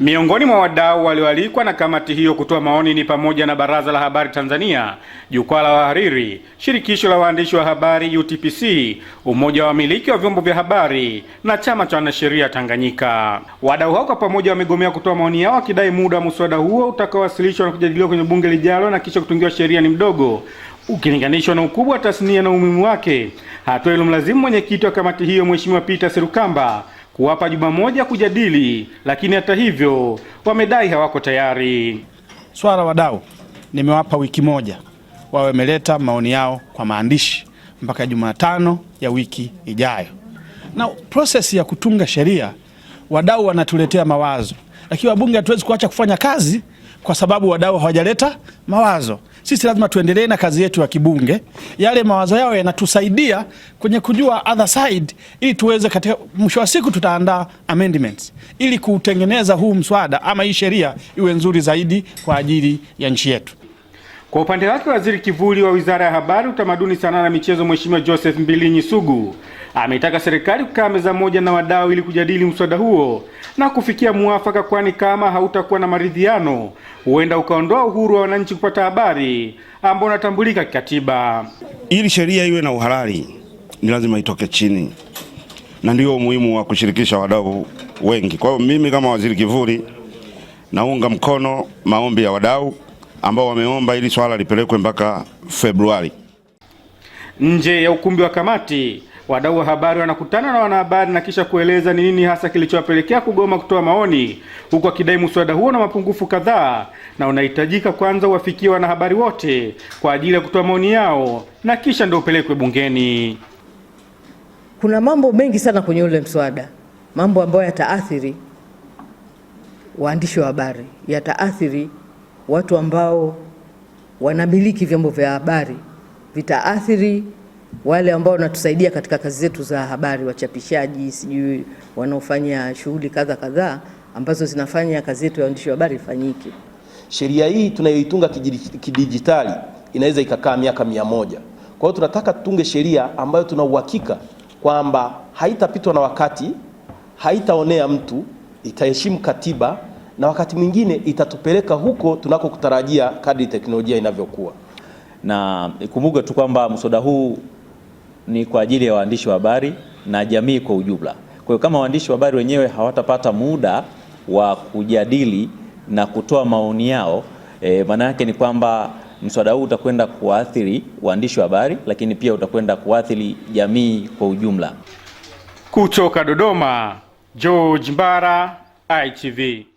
Miongoni mwa wadau walioalikwa na kamati hiyo kutoa maoni ni pamoja na Baraza la Habari Tanzania, Jukwaa la Wahariri, Shirikisho la Waandishi wa Habari UTPC, Umoja wa Wamiliki wa Vyombo vya Habari na Chama cha Wanasheria Tanganyika. Wadau hao kwa pamoja wamegomea kutoa maoni yao wakidai muda wa muswada huo utakaowasilishwa na kujadiliwa kwenye bunge lijalo na kisha kutungiwa sheria ni mdogo ukilinganishwa na ukubwa wa tasnia na umuhimu wake, hatua iliyomlazimu mwenyekiti wa kamati hiyo Mheshimiwa Peter Serukamba kuwapa juma moja kujadili, lakini hata hivyo wamedai hawako tayari. Swala wadau, nimewapa wiki moja wawe wameleta maoni yao kwa maandishi mpaka Jumatano ya wiki ijayo, na prosesi ya kutunga sheria wadau wanatuletea mawazo, lakini wabunge hatuwezi kuacha kufanya kazi kwa sababu wadau hawajaleta mawazo sisi lazima tuendelee na kazi yetu ya kibunge. Yale mawazo yao yanatusaidia kwenye kujua other side, ili tuweze katika mwisho wa siku tutaandaa amendments ili kuutengeneza huu mswada ama hii sheria iwe nzuri zaidi kwa ajili ya nchi yetu. Kwa upande wake, waziri kivuli wa wizara ya habari, utamaduni, sanaa na michezo, Mheshimiwa Joseph Mbilinyi Sugu ameitaka serikali kukaa meza moja na wadau ili kujadili mswada huo na kufikia muafaka, kwani kama hautakuwa na maridhiano huenda ukaondoa uhuru wa wananchi kupata habari ambao unatambulika kikatiba. Ili sheria iwe na uhalali, ni lazima itoke chini, na ndio umuhimu wa kushirikisha wadau wengi. Kwa hiyo mimi kama waziri kivuli naunga mkono maombi ya wadau ambao wameomba ili swala lipelekwe mpaka Februari. Nje ya ukumbi wa kamati Wadau wa habari wanakutana na wanahabari na kisha kueleza ni nini hasa kilichowapelekea kugoma kutoa maoni, huku akidai mswada huo na mapungufu kadhaa na unahitajika kwanza uwafikie wanahabari wote kwa ajili ya kutoa maoni yao na kisha ndio upelekwe bungeni. Kuna mambo mengi sana kwenye ule mswada, mambo ambayo yataathiri waandishi wa habari, yataathiri watu ambao wanamiliki vyombo vya habari, vitaathiri wale ambao wanatusaidia katika kazi zetu za habari, wachapishaji, sijui wanaofanya shughuli kadha kadhaa ambazo zinafanya kazi yetu ya waandishi wa habari ifanyike. Sheria hii tunayoitunga kidijitali inaweza ikakaa miaka mia moja. Kwa hiyo tunataka tutunge sheria ambayo tuna uhakika kwamba haitapitwa na wakati, haitaonea mtu, itaheshimu katiba na wakati mwingine itatupeleka huko tunakokutarajia kadri teknolojia inavyokuwa. Na kumbuka tu kwamba mswada huu ni kwa ajili ya waandishi wa habari na jamii kwa ujumla. Kwa hiyo kama waandishi wa habari wenyewe hawatapata muda wa kujadili na kutoa maoni yao, e, maana yake ni kwamba mswada huu utakwenda kuathiri waandishi wa habari, lakini pia utakwenda kuathiri jamii kwa ujumla. Kutoka Dodoma, George Mbara, ITV.